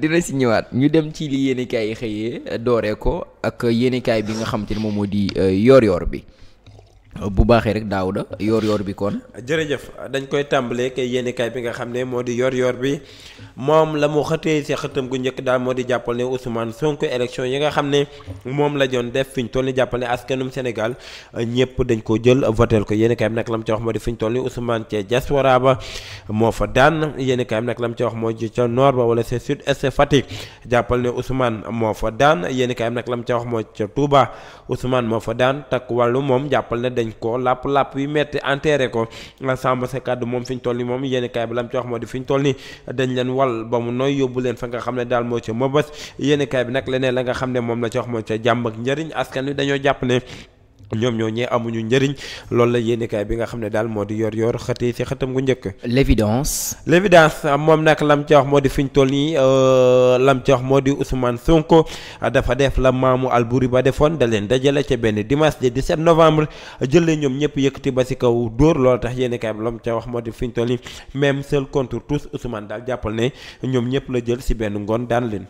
dina si ñëwaat ñu dem ci li yéenekaay yi xëyee dooree ko ak yéenekaay bi nga xam te ne moom moo di yoor euh, yor bi. bu baaxee rek Daouda yoor yoor bi kon jërëjëf dañ koy tàmbalee kay bi nga xam ne moo di yoor yoor bi moom la mu xëtee si xëtam gu njëkk daal moo di jàppal ne Ousmane Sonko élection yi nga xam ne moom la doon def fi ñu toll ni jàppal ne askanum Sénégal ñëpp dañ ko jël votel ko yéenekaay bi nag lam ca wax moo di fi ñu toll ni Ousmane ca diaspora ba moo fa daan yéenekaay bi nag la ca wax moo di ca nord ba wala ca sud est Fatick jàppal ne Ousmane moo fa daan yéenekaay bi nag lam ca wax moo ca Touba Ousmane moo fa daan takk wàllu moom jàppal ne dañ ko làpp làpp yu metti enterré ko Samba sa kàddu moom fi ñu toll ni moom yéeni kaay bi lam ci wax moo di fi ñu toll nii dañ leen wal ba mu nooy yóbbu leen fa nga xam ne daal moo ca mëbës yéeni kaay bi nag leneen la nga xam ne moom la ci wax moo ca jàmm ak njëriñ askan wi dañoo jàpp ne ñoom ñoo ñee amuñu njëriñ loolu la yéenekaay bi nga xam ne daal moo di yor yor xëtee ci xëtam gu njëkk l'évidence l'évidence moom nag lam ci wax moo di fi ñu toll nii euh, lam ci wax moo di Ousmane Sonko dafa def la maamu Albouri ba defoon da leen dajale ca benn dimanche de 17 novembre jëlee ñoom ñëpp yëkkati ba ci kaw dóor loolu tax yéenekaay bi lam ca wax moo di fi ñu toll nii même seul contre tous Ousmane daal jàppal ne ñoom ñëpp la jël ci benn ngoon daan leen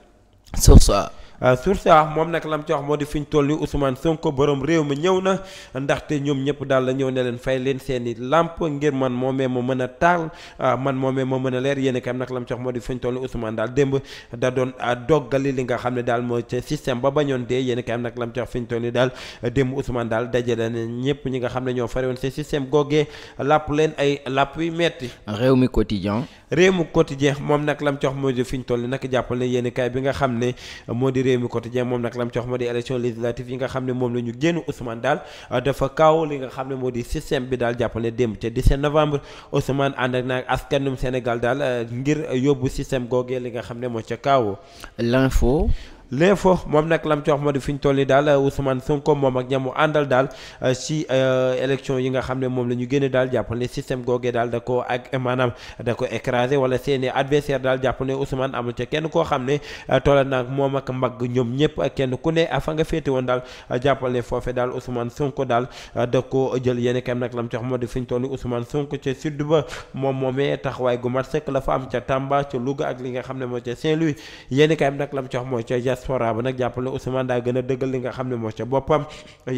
Euh, source a moom nag lam ci moo di fi ñu toll yi Ousmane Sonko borom réew mi ñëw na ndaxte ñoom ñëpp daal la ñëw ne leen fay leen seen i làmp ngir man moomee ma mën a taal euh, man moom ma mën a leer yéen kam nag lam ci wax moo di fi ñu daal démb da doon euh, li nga xam ne daal mooy ca système ba bañoon dee yéen kam nag lam ci wax fi ñu toll yi daal démb Ousmane daal dajale na ñëpp ñi nga xam ne ñoo fare woon ci système googee làpp leen ay làpp yu metti réew mi quotidien réew mi quotidien moom nag lam ci moo di fi ñu toll yi nag jàppal ne yéen kaay bi nga xam ne moo di réew mi quotidien moom nag lam ma di élection législative yi nga xam ne moom la ñu génn Ousmane daal euh, dafa kaaw li nga xam ne moo di système bi daal jàppale démb ca 17 novembre Ousmane ànd ak nag askanum Sénégal daal euh, ngir yóbbu système googee li nga xam ne moo ca kaaw l'info l'info moom nag lam ci wax moo di fi ñu toll nii daal euh, Ousmane Sonko moom ak ñamu àndal daal euh, ci euh, élection yi nga xam ne moom la ñu génne daal jàpp ne système googee daal da ko ak maanaam da ko écrasé wala seeni adversaire daal jàpp ne Ousmane amul ca kenn koo xam ne tolla naag moom ak mbagg ñoom ñëpp kenn ku ne fa nga féete woon daal jàppal foofe daal Ousmane Sonko daal da ko jël yéen kam nag lam ci wax moo di fi ñu toll nii Ousmane Sonko ca sud ba moom moomee taxawaay gu mat sëkk la fa am ca Tamba ca Louga ak li nga xam ne moo ca Saint-Louis yéen kam nag lam ci mooy diaspora ba nag jàppale Ousmane daa gën a dëggal li nga xam ne moo ca boppam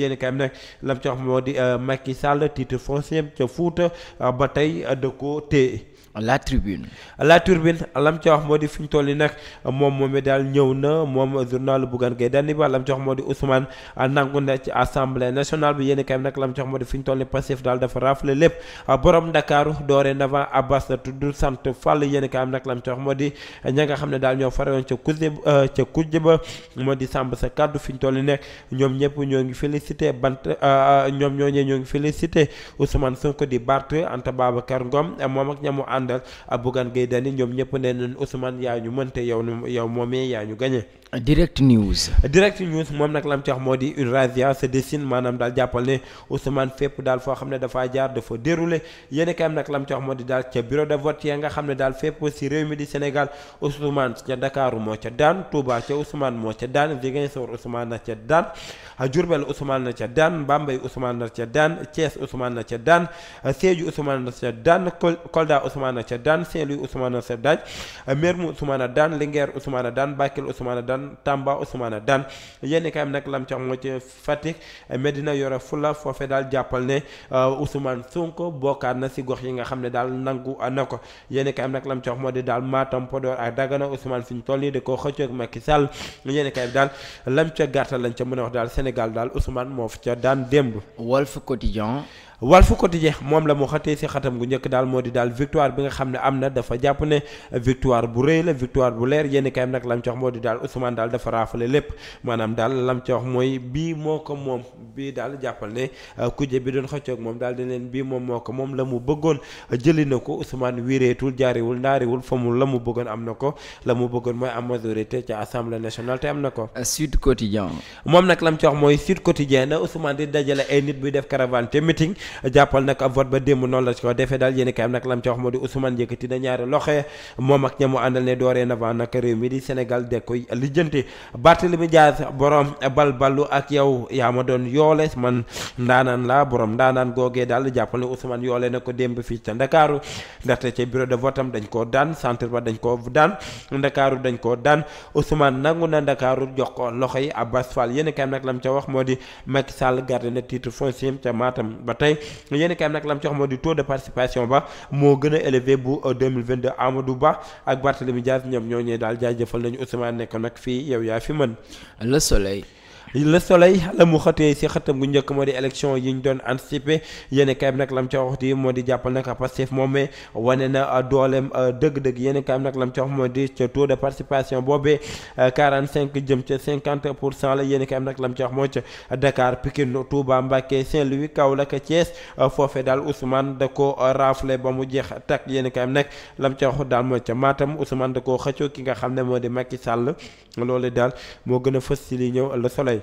yéeni kay am nag lam ci wax moo di euh, Macky Sall titre foncier ca Fuuta euh, ba tey euh, da ko téye la tribune la tribune lam ca wax moo di fi ñu toll yi nag moom moom daal ñëw na moom journal Bougane Gueye Dany ba lam ca wax moo di Ousmane nangu na ci assemblée nationale bi yéeni kay nag lam ca wax moo di fi ñu toll yi Pastef daal dafa rafle lépp borom Dakar dorénavant Abbas la tudd sant Fall yéeni kay nag lam ca wax moo di ña nga xam ne daal ñoo faroon ca kujje ca kujje ba moo di sàmb sa kàddu fi ñu toll yi nekk ñoom ñëpp ñoo ngi félicité bant euh, ñoom ñoo ñee ñoo ngi félicité Ousmane Sonko di Bart Anta Babacar Ngom moom ak ñamu àndal ak Bougane Gueye ñoom ñëpp nee nañ Ousmane yaa ñu mënte yow yow moomee yaa ñu gañe direct news. direct news moom nag lam ci wax moo di une razzia se dessine maanaam daal jàppal ne Ousmane fépp daal foo xam ne dafaa jaar dafa déroulé yéen i kaayam nag lam ci moo di daal ca bureau de vote ya nga xam ne daal fépp si réew mi di Sénégal Ousmane ca Dakar moo ca daan Touba ca Ousmane moo ca daan Ziguinchor Ousmane na ca daan Diourbel Ousmane na ca daan Bambey Ousmane na ca daan Thiès Ousmane na ca daan Sédhiou Ousmane na ca daan Kolda Ousmane na ca daan saint daan Mermoz Ousmane na daan Linguère Ousmane na daan Bakel Ousmane na Matam Tamba Ousmane Daan yéen kay am nag lam ci am moo ci Fatick Medina yore fula foofe daal jàppal ne euh, Ousmane Sonko bokkaat na si gox yi nga xam ne daal nangu na ko yéen kay am nag lam ci moo di daal Matam Podor ak Dagana Ousmane fi ñu toll nii di ko xëccoog Macky Sall yéen kay daal lam ca gàttal lañ ca mën a wax daal Sénégal daal Ousmane moo fi ca daan démb Walf Quotidien moom la mu xatee si xatam gu njëkk daal moo di daal victoire bi nga xam ne am na dafa jàpp ne victoire bu rëy la victoire bu leer yéen kayam nag lam ci wax moo di daal Ousmane daal dafa lépp maanaam daal lam ci mooy bii moo ko moom bii daal jàppal ne euh, kuje bi doon xëccoog moom daal di leen bii moom moo ko moom la mu bëggoon euh, jëli na ko Ousmane wiireetul jaariwul ndaariwul fa mu la mu bëggoon am na ko la mu bëggoon mooy am majorité ca assemblée nationale te am na ko. Sud Quotidien moom nag lam ci wax mooy Sud Quotidien na Ousmane di dajale ay nit buy def caravane te meeting jàppal nag vote ba démb noonu la ci ko defee daal yéen i di Ousmane yëkkati na ñaari loxo moom ak ñamu àndal ak yow yaa ma doon yoole man ndaanaan la borom ndaanaan googee daal jàppal ne Ousmane yoole na ko démb fii ca Ndakaaru ndaxte ca bureau de vote am koo daan centre ba dañ koo daan Ndakaaru dañ koo daan Ousmane nangu na Ndakaaru jox ko loxo yi Abbas Fall yéen i kaay nag lam ca wax moo di Macky Sall garde na titre foncier ca Matam ba tey tey yéen kay nag lam ci wax moo di taux de participation ba moo gën a élevé bu 2022 Amadou Ba ak Barthélémy Dias ñoom ñoo ñee daal jaajëfal nañu Ousmane nekk nag fii yow yaa fi mën Le Soleil la soleil la mu xëtee si xëtam gu njëkk moo di élection yi ñu doon anticipé yéen kaay nag lam ca wax di moo di jàppal nag Pastef moomee wane na euh, dooleem euh, dëgg-dëgg yéen kaay bi nag lam ca wax moo di ca taux de participation boobee euh, 45 jëm ca 50 pour cent la yéen kaay bi nag lam ca wax moo ca Dakar Pikine Touba Mbacké Saint-Louis Kaolack Thiès foofee daal Ousmane da ko rafle ba mu jeex tak yenn kaay nag lam ca wax daal moo ca Matam Ousmane da koo xëccoo ki nga xam ne moo di Macky Sall loolu daal moo gën a fës si li ñëw le soleil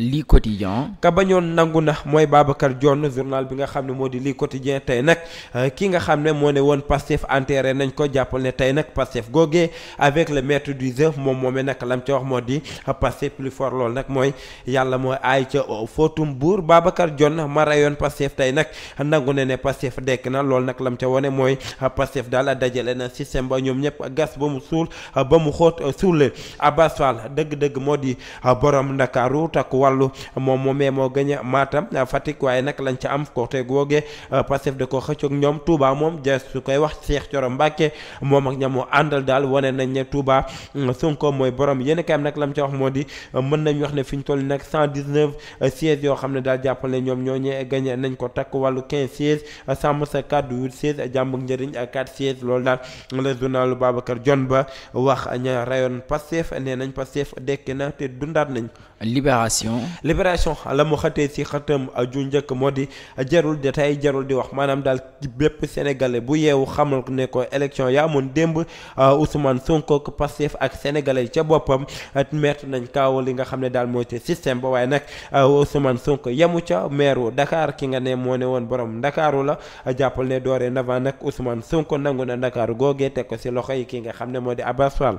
lii quotidien ka bañoon nangu na mooy Babacar Dione journal bi nga xam ne moo di lii quotidien tey nag euh, ki nga xam ne moo ne woon Pastef enterré nañ ko jàppal ne tey nag Pastef googee avec le maître du jeu moom moomee nag lam ca wax moo di Pastef plus fort lool nag mooy yàlla mooy aay ca footum buur Babacar Dione ma rayoon Pastef tey nag nangu ne ne Pastef dekk na loolu nag lam ca wane mooy Pastef daal dajale na système ba ñoom ñëpp gas ba mu suul ba mu xóot suulee Abass Fall dëgg-dëgg moo di borom Ndakaaru wàllu moom moomee moo gën a Matam Fatick waaye nag lañ ca am côté googe Pastef da ko xëccoog ñoom Touba moom ja su koy wax Cheikh Thioro Mbacké moom ak ñamu àndal daal wane nañ ne Touba mooy borom yéen kayam nag lam ca wax moo di mën nañu wax ne fi ñu toll nag cent dix-neuf sièges yoo xam ne daal jàppal ne ñoom ñooñee gagné nañ ko takk wàllu quinze sièges sàmm sa kàddu huit sièges jàmm ak a quatre sièges loolu daal la journalu Babacar Dione ba wax ña rayoon libération. libération la mu xatee ci a ju njëkk moo di jarul détail jarul di wax maanaam daal bépp sénégalais bu yeewu xamul ne ko élection yaa amoon démb euh, Ousmane Sonko Pastef ak sénégalais ca boppam euh, mettre nañ kaaw li nga xam ne daal mooy te système ba waaye nag euh, Ousmane Sonko yemu ca maire ndakaar ki nga ne moo ne woon borom ndakaaru la jàppal ne dorénavant nag Ousmane Sonko nangu na ndakaaru googee teg ko ci loxo yi ki nga xam ne moo di Abass Fall.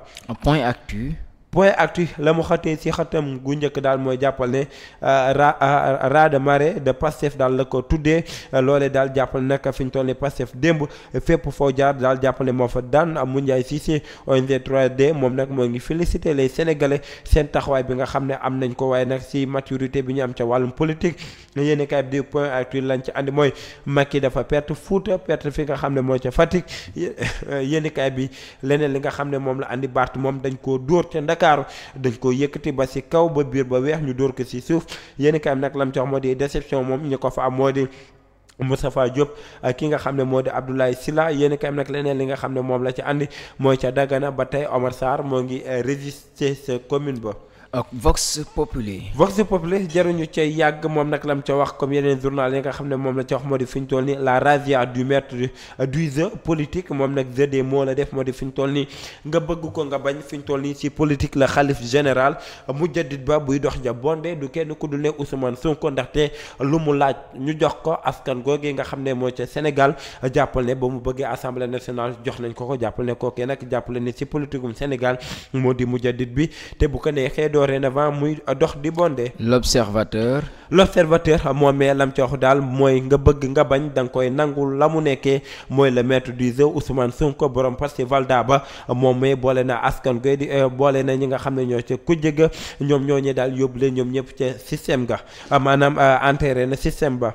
point actu la mu xatee ci xatam gu njëkk daal mooy jàppale ne euh, raz euh, de marée de Pastef daal la ko tuddee loole daal jàppal nag fi ñu toll nii Pastef démb fépp foo jaar daal jàppale ne moo fa daan mu Ndiaye Cissé ONG 3 de moom nag moo ngi féliciter les sénégalais seen taxawaay bi nga xam ne am nañ ko waaye nag ci maturité bi ñu am ca wàllum politique yéen kay di point actu lañ ci andi mooy Macky dafa perte Fouta perte fi nga xam ne moo ca Fatick yéen bi leneen li nga xam ne moom la andi Barth moom dañ koo ndakaaru dañ ko yëkkati ba si kaw ba biir ba weex ñu dóor ko si suuf yéen kay am nag lam ci moo di déception moom ñu ko fa am moo di Moustapha Diop ah, ki nga xam ne moo di Abdoulaye Sylla yéen kay am nag leneen li nga xam ne moom la ci andi mooy ca daggana ba tey Omar Sarr moo ngi eh, résister sa commune ba ak Vox Populi. Vox jaruñu cay yàgg moom nag lam ca wax comme yeneen journal yi nga xam ne moom la ca wax moo di fi ñu toll nii la razzia du maître du jeu politique moom nag jeu des mots la def moo di fi ñu toll nii nga bëgg ko nga bañ fi ñu toll nii ci politique la xalif général mujaddid ba buy dox ja bonde du kenn ku dul ne Ousmane Sonko ndaxte lu mu laaj ñu jox ko askan googu nga xam ne moo ca Sénégal jàppal ne ba mu bëggee assemblée nationale jox nañ ko ko jàppal ne kookee nag jàppale ne ci politiqueum Sénégal moo dorénavant muy dox di bondé. l'observateur l'observateur moom mais lam ci daal mooy nga bëgg nga bañ da nga koy nangul la mu nekkee mooy le maître du jeu Ousmane Sonko borom valda ba moom mais boole na askan goy di euh, boole na ñi nga xam ne ñoo ca kujje ga ñoom ñoo ñi daal yóbbu leen ñoom ñëpp ca système ga maanaam euh, enterré na système ba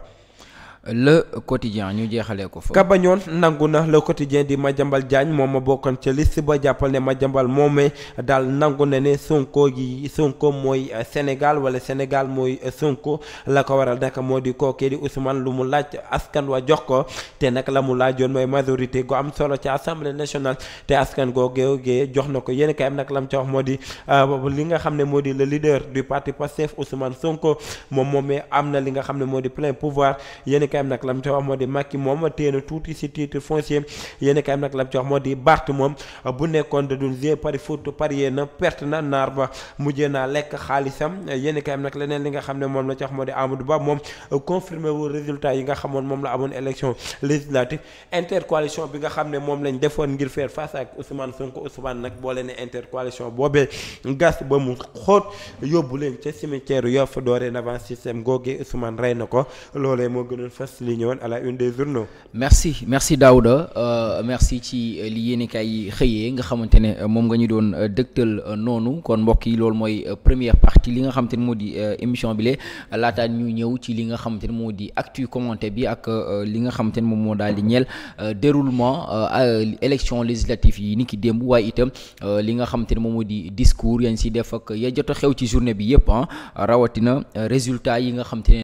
le quotidien ñu jeexalee ko fa bañoon nangu na le quotidien di ma jambal Diagne moom ma bokkoon ca liste ba jàppal ne Madiambal ma daal nangu na ne Sonko gi Sonko mooy Sénégal wala Sénégal mooy Sonko la ko waral nag moo di kookee di Ousmane lu mu laaj askan wa jox ko te nag la mu laajoon mooy majorité gu am solo ci assemblée nationale te askan googee jox na ko yéen kay am nag lam ca wax moo di ah, li nga xam ne moo di le leader du parti Pastef Ousmane Sonko moom moomee am na li nga xam ne moo di plein pouvoir yéen yéenekaay nag lam ca wax moo di Macky moom téye na tuuti si titre foncier yéenekaay bi nag lam ca wax moo di Barth moom bu nekkoon da doon jouer pari foot parier na perte na naar ba mujjee naa lekk xaalisam yéenekaay bi nag leneen li nga xam ne moom la ca wax moo di Amadou Ba moom confirmé wu résultat yi nga xamoon moom la amoon élection législative intercoalition bi nga xam ne moom lañ defoon ngir faire face ak Ousmane Sonko Ousmane nag boole leen ca fas li ñëwoon à merci merci Daouda euh, merci ci li yéenekaay yi xëyee nga xamante ne moom nga ñu doon euh, dëgtal euh, noonu kon mbokk yi loolu mooy euh, première partie li nga xamante ne moo di émission bi la laataa ñu ñëw ci li nga xamante ne moo di actu commenté bi ak li nga xamante ne moom moo daal di ñeel déroulement élection législative yi ni ki démb waaye itam li nga xamante ne moom moo di discours yañ si def ak ya jot a xew ci journée bi yëpp ah rawatina résultat yi nga xamante ne